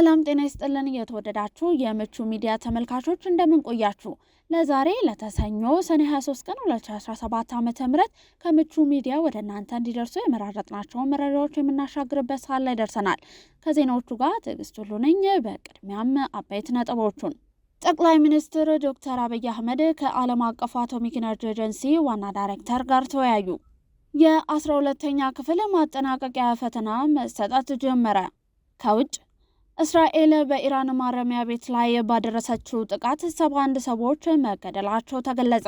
ሰላም ጤና ይስጥልን። እየተወደዳችሁ የምቹ ሚዲያ ተመልካቾች እንደምን ቆያችሁ? ለዛሬ ለተሰኞ ሰኔ 23 ቀን 2017 ዓ ም ከምቹ ሚዲያ ወደ እናንተ እንዲደርሱ የመራረጥናቸውን መረጃዎች የምናሻግርበት ሰዓት ላይ ደርሰናል። ከዜናዎቹ ጋር ትዕግስት ሁሉ ነኝ። በቅድሚያም አበይት ነጥቦቹን ጠቅላይ ሚኒስትር ዶክተር አብይ አህመድ ከዓለም አቀፉ አቶሚክ ኢነርጂ ኤጀንሲ ዋና ዳይሬክተር ጋር ተወያዩ። የ የ12ተኛ ክፍል ማጠናቀቂያ ፈተና መሰጠት ጀመረ። ከውጭ እስራኤል በኢራን ማረሚያ ቤት ላይ ባደረሰችው ጥቃት ሰባ አንድ ሰዎች መገደላቸው ተገለጸ።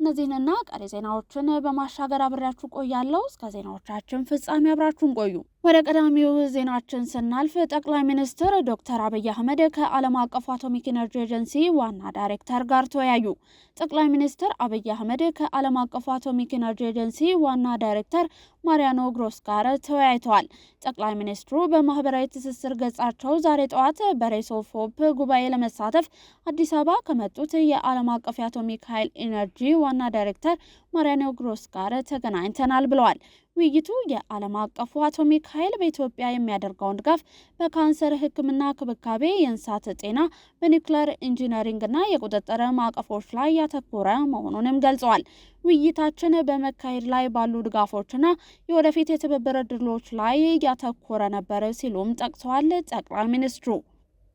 እነዚህንና ቀሪ ዜናዎችን በማሻገር አብሬያችሁ ቆያለሁ። እስከ ዜናዎቻችን ፍጻሜ አብራችሁን ቆዩ። ወደ ቀዳሚው ዜናችን ስናልፍ ጠቅላይ ሚኒስትር ዶክተር አብይ አህመድ ከዓለም አቀፉ አቶሚክ ኤነርጂ ኤጀንሲ ዋና ዳይሬክተር ጋር ተወያዩ። ጠቅላይ ሚኒስትር አብይ አህመድ ከዓለም አቀፉ አቶሚክ ኤነርጂ ኤጀንሲ ዋና ዳይሬክተር ማሪያኖ ግሮስ ጋር ተወያይተዋል። ጠቅላይ ሚኒስትሩ በማህበራዊ ትስስር ገጻቸው ዛሬ ጠዋት በሬስ ጉባኤ ለመሳተፍ አዲስ አበባ ከመጡት የዓለም አቀፍ የአቶሚክ ኃይል ኤነርጂ ዋና ዳይሬክተር ማሪያኖ ግሮስ ጋር ተገናኝተናል ብለዋል። ውይይቱ የዓለም አቀፉ አቶሚክ ኃይል በኢትዮጵያ የሚያደርገውን ድጋፍ በካንሰር ሕክምና ክብካቤ፣ የእንስሳት ጤና፣ በኒውክሌር እና የቁጥጥር ማዕቀፎች ላይ ያተኮረ መሆኑንም ገልጸዋል። ውይይታችን በመካሄድ ላይ ባሉ ድጋፎችና የወደፊት የትብብር እድሎች ላይ ያተኮረ ነበር ሲሉም ጠቅሰዋል ጠቅላይ ሚኒስትሩ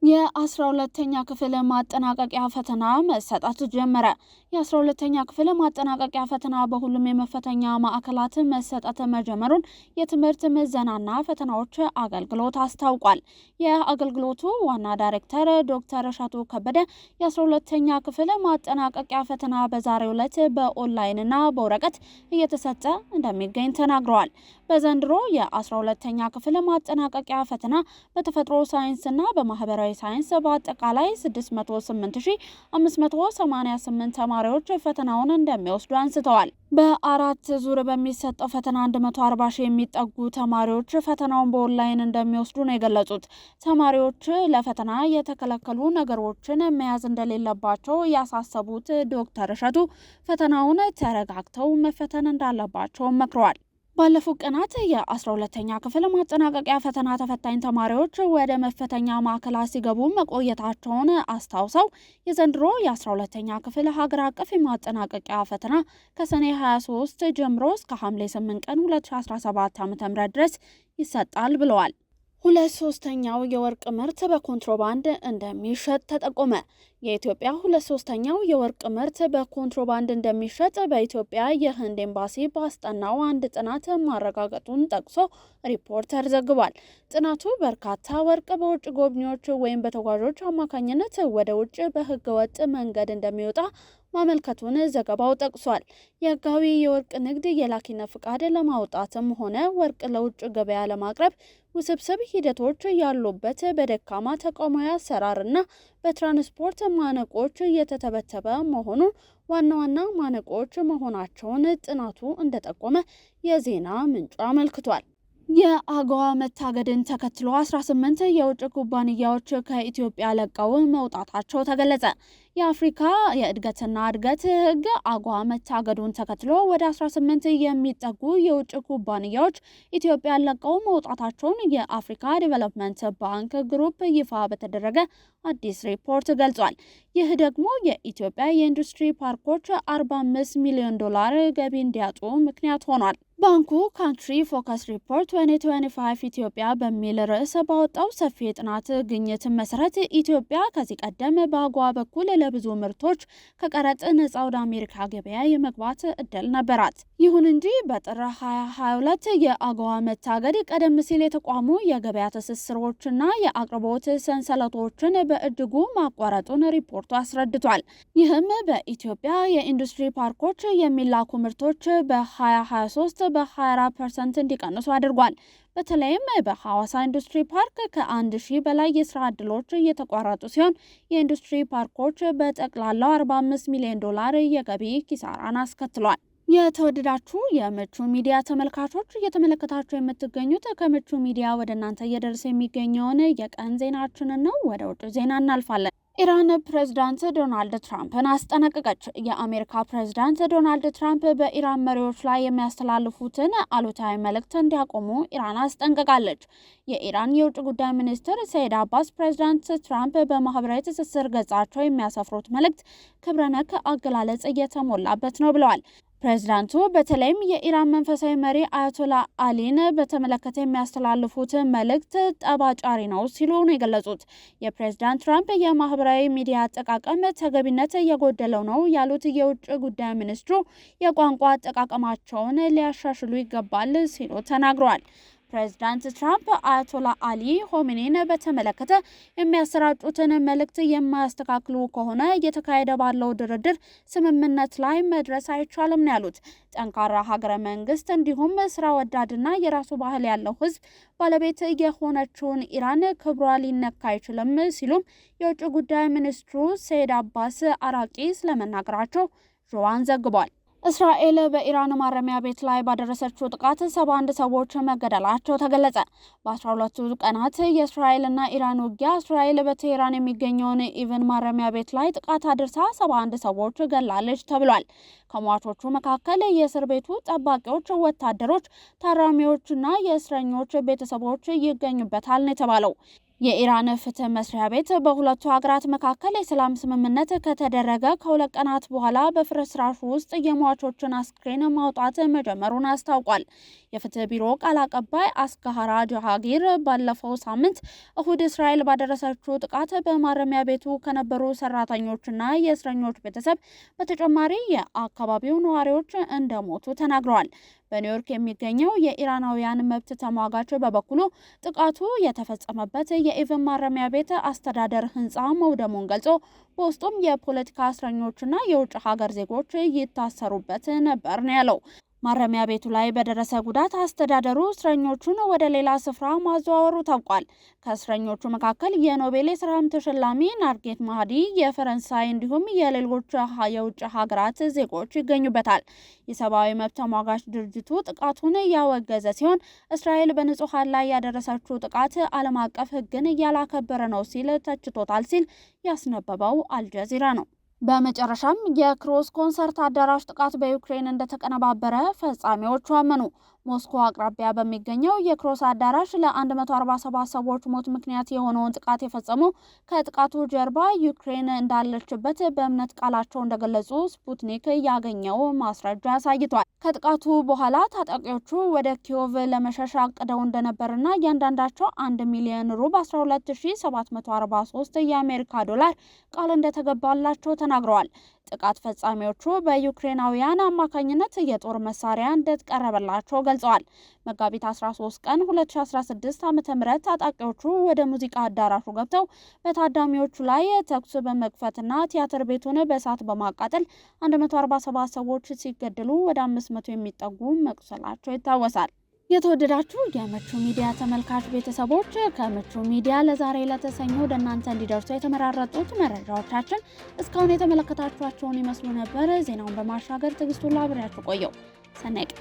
የአስራ ሁለተኛ ክፍል ማጠናቀቂያ ፈተና መሰጠት ጀመረ። የአስራ ሁለተኛ ክፍል ማጠናቀቂያ ፈተና በሁሉም የመፈተኛ ማዕከላት መሰጠት መጀመሩን የትምህርት ምዘናና ፈተናዎች አገልግሎት አስታውቋል። የአገልግሎቱ ዋና ዳይሬክተር ዶክተር እሸቱ ከበደ የአስራ ሁለተኛ ክፍል ማጠናቀቂያ ፈተና በዛሬው ዕለት በኦንላይንና በወረቀት እየተሰጠ እንደሚገኝ ተናግረዋል። በዘንድሮ የ12ተኛ ክፍል ማጠናቀቂያ ፈተና በተፈጥሮ ሳይንስና በማህበራዊ ሳይንስ በአጠቃላይ 68588 ተማሪዎች ፈተናውን እንደሚወስዱ አንስተዋል። በአራት ዙር በሚሰጠው ፈተና 140 ሺህ የሚጠጉ ተማሪዎች ፈተናውን በኦንላይን እንደሚወስዱ ነው የገለጹት። ተማሪዎች ለፈተና የተከለከሉ ነገሮችን መያዝ እንደሌለባቸው ያሳሰቡት ዶክተር እሸቱ ፈተናውን ተረጋግተው መፈተን እንዳለባቸው መክረዋል። ባለፉት ቀናት የ12ተኛ ክፍል ማጠናቀቂያ ፈተና ተፈታኝ ተማሪዎች ወደ መፈተኛ ማዕከላት ሲገቡ መቆየታቸውን አስታውሰው የዘንድሮ የ12ተኛ ክፍል ሀገር አቀፍ የማጠናቀቂያ ፈተና ከሰኔ 23 ጀምሮ እስከ ሐምሌ 8 ቀን 2017 ዓ.ም ድረስ ይሰጣል ብለዋል። ሁለት ሶስተኛው የወርቅ ምርት በኮንትሮባንድ እንደሚሸጥ ተጠቆመ። የኢትዮጵያ ሁለት ሶስተኛው የወርቅ ምርት በኮንትሮባንድ እንደሚሸጥ በኢትዮጵያ የህንድ ኤምባሲ ባስጠናው አንድ ጥናት ማረጋገጡን ጠቅሶ ሪፖርተር ዘግቧል። ጥናቱ በርካታ ወርቅ በውጭ ጎብኚዎች ወይም በተጓዦች አማካኝነት ወደ ውጭ በህገወጥ መንገድ እንደሚወጣ ማመልከቱን ዘገባው ጠቅሷል። የህጋዊ የወርቅ ንግድ የላኪነት ፍቃድ ለማውጣትም ሆነ ወርቅ ለውጭ ገበያ ለማቅረብ ውስብስብ ሂደቶች ያሉበት በደካማ ተቋማዊ አሰራርና በትራንስፖርት ማነቆች እየተተበተበ መሆኑ ዋና ዋና ማነቆች መሆናቸውን ጥናቱ እንደጠቆመ የዜና ምንጩ አመልክቷል። የአገዋ መታገድን ተከትሎ 18 የውጭ ኩባንያዎች ከኢትዮጵያ ለቀው መውጣታቸው ተገለጸ። የአፍሪካ የእድገትና እድገት ህግ አገዋ መታገዱን ተከትሎ ወደ 18 የሚጠጉ የውጭ ኩባንያዎች ኢትዮጵያ ለቀው መውጣታቸውን የአፍሪካ ዲቨሎፕመንት ባንክ ግሩፕ ይፋ በተደረገ አዲስ ሪፖርት ገልጿል። ይህ ደግሞ የኢትዮጵያ የኢንዱስትሪ ፓርኮች 45 ሚሊዮን ዶላር ገቢ እንዲያጡ ምክንያት ሆኗል። ባንኩ ካንትሪ ፎከስ ሪፖርት 2025 ኢትዮጵያ በሚል ርዕስ ባወጣው ሰፊ የጥናት ግኝት መሰረት ኢትዮጵያ ከዚህ ቀደም በአጓ በኩል ለብዙ ምርቶች ከቀረጥ ነጻ ወደ አሜሪካ ገበያ የመግባት እድል ነበራት። ይሁን እንጂ በጥር 2022 የአጓ መታገድ ቀደም ሲል የተቋሙ የገበያ ትስስሮችና የአቅርቦት ሰንሰለቶችን በእጅጉ ማቋረጡን ሪፖርቱ አስረድቷል። ይህም በኢትዮጵያ የኢንዱስትሪ ፓርኮች የሚላኩ ምርቶች በ2023 በ20 ፐርሰንት እንዲቀንሱ አድርጓል። በተለይም በሐዋሳ ኢንዱስትሪ ፓርክ ከአንድ ሺህ በላይ የስራ ዕድሎች እየተቋረጡ ሲሆን የኢንዱስትሪ ፓርኮች በጠቅላላው 45 ሚሊዮን ዶላር የገቢ ኪሳራን አስከትሏል። የተወደዳችሁ የምቹ ሚዲያ ተመልካቾች እየተመለከታችሁ የምትገኙት ከምቹ ሚዲያ ወደ እናንተ እየደረሰ የሚገኘውን የቀን ዜናችንን ነው። ወደ ውጭ ዜና እናልፋለን። ኢራን ፕሬዝዳንት ዶናልድ ትራምፕን አስጠነቀቀች። የአሜሪካ ፕሬዝዳንት ዶናልድ ትራምፕ በኢራን መሪዎች ላይ የሚያስተላልፉትን አሉታዊ መልእክት እንዲያቆሙ ኢራን አስጠንቅቃለች። የኢራን የውጭ ጉዳይ ሚኒስትር ሰይድ አባስ ፕሬዝዳንት ትራምፕ በማህበራዊ ትስስር ገጻቸው የሚያሰፍሩት መልእክት ክብረነክ አገላለጽ እየተሞላበት ነው ብለዋል። ፕሬዚዳንቱ በተለይም የኢራን መንፈሳዊ መሪ አያቶላ አሊን በተመለከተ የሚያስተላልፉት መልእክት ጠባጫሪ ነው ሲሉ ነው የገለጹት። የፕሬዚዳንት ትራምፕ የማህበራዊ ሚዲያ አጠቃቀም ተገቢነት እየጎደለው ነው ያሉት የውጭ ጉዳይ ሚኒስትሩ የቋንቋ አጠቃቀማቸውን ሊያሻሽሉ ይገባል ሲሉ ተናግረዋል። ፕሬዚዳንት ትራምፕ አያቶላ አሊ ሆሜኔን በተመለከተ የሚያሰራጩትን መልእክት የማያስተካክሉ ከሆነ እየተካሄደ ባለው ድርድር ስምምነት ላይ መድረስ አይቻልም ነው ያሉት። ጠንካራ ሀገረ መንግስት እንዲሁም ስራ ወዳድና የራሱ ባህል ያለው ህዝብ ባለቤት የሆነችውን ኢራን ክብሯ ሊነካ አይችልም ሲሉም የውጭ ጉዳይ ሚኒስትሩ ሰይድ አባስ አራቂ ስለመናገራቸው ዦዋን ዘግቧል። እስራኤል በኢራን ማረሚያ ቤት ላይ ባደረሰችው ጥቃት ሰባ አንድ ሰዎች መገደላቸው ተገለጸ። በአስራ ሁለቱ ቀናት የእስራኤልና ኢራን ውጊያ እስራኤል በቴህራን የሚገኘውን ኢቭን ማረሚያ ቤት ላይ ጥቃት አድርሳ ሰባ አንድ ሰዎች ገላለች ተብሏል። ከሟቾቹ መካከል የእስር ቤቱ ጠባቂዎች፣ ወታደሮች፣ ታራሚዎችና የእስረኞች ቤተሰቦች ይገኙበታል ነው የተባለው። የኢራን ፍትህ መስሪያ ቤት በሁለቱ ሀገራት መካከል የሰላም ስምምነት ከተደረገ ከሁለት ቀናት በኋላ በፍርስራሹ ውስጥ የሟቾችን አስክሬን ማውጣት መጀመሩን አስታውቋል። የፍትህ ቢሮ ቃል አቀባይ አስካሃራ ጃሃጊር ባለፈው ሳምንት እሁድ እስራኤል ባደረሰችው ጥቃት በማረሚያ ቤቱ ከነበሩ ሰራተኞችና የእስረኞች ቤተሰብ በተጨማሪ የአካባቢው ነዋሪዎች እንደሞቱ ተናግረዋል። በኒውዮርክ የሚገኘው የኢራናውያን መብት ተሟጋች በበኩሉ ጥቃቱ የተፈጸመበት የኢቨን ማረሚያ ቤት አስተዳደር ህንፃ መውደሙን ገልጾ በውስጡም የፖለቲካ እስረኞችና የውጭ ሀገር ዜጎች ይታሰሩበት ነበር ነው ያለው። ማረሚያ ቤቱ ላይ በደረሰ ጉዳት አስተዳደሩ እስረኞቹን ወደ ሌላ ስፍራ ማዘዋወሩ ታውቋል። ከእስረኞቹ መካከል የኖቤል የሰላም ተሸላሚ ናርጌት ማህዲ፣ የፈረንሳይ እንዲሁም የሌሎች የውጭ ሀገራት ዜጎች ይገኙበታል። የሰብአዊ መብት ተሟጋች ድርጅቱ ጥቃቱን ያወገዘ ሲሆን እስራኤል በንጹሐን ላይ ያደረሰችው ጥቃት ዓለም አቀፍ ሕግን እያላከበረ ነው ሲል ተችቶታል ሲል ያስነበበው አልጀዚራ ነው። በመጨረሻም የክሮስ ኮንሰርት አዳራሽ ጥቃት በዩክሬን እንደተቀነባበረ ፈጻሚዎቹ አመኑ። ሞስኮ አቅራቢያ በሚገኘው የክሮስ አዳራሽ ለ147 ሰዎች ሞት ምክንያት የሆነውን ጥቃት የፈጸሙ ከጥቃቱ ጀርባ ዩክሬን እንዳለችበት በእምነት ቃላቸው እንደገለጹ ስፑትኒክ ያገኘው ማስረጃ አሳይቷል። ከጥቃቱ በኋላ ታጣቂዎቹ ወደ ኪዮቭ ለመሸሽ አቅደው እንደነበርና እያንዳንዳቸው 1 ሚሊዮን ሩብ 12743 የአሜሪካ ዶላር ቃል እንደተገባላቸው ተናግረዋል። ጥቃት ፈጻሚዎቹ በዩክሬናውያን አማካኝነት የጦር መሳሪያ እንደቀረበላቸው ገልጸዋል። መጋቢት 13 ቀን 2016 ዓ ም ታጣቂዎቹ ወደ ሙዚቃ አዳራሹ ገብተው በታዳሚዎቹ ላይ ተኩስ በመክፈትና ቲያትር ቤቱን በእሳት በማቃጠል 147 ሰዎች ሲገደሉ ወደ 500 የሚጠጉ መቁሰላቸው ይታወሳል። የተወደዳችሁ የምቹ ሚዲያ ተመልካች ቤተሰቦች ከምቹ ሚዲያ ለዛሬ ለተሰኙ ወደ እናንተ እንዲደርሱ የተመራረጡት መረጃዎቻችን እስካሁን የተመለከታችኋቸውን ይመስሉ ነበር። ዜናውን በማሻገር ትዕግስቱን ላብሬያችሁ ቆየው ሰነቅ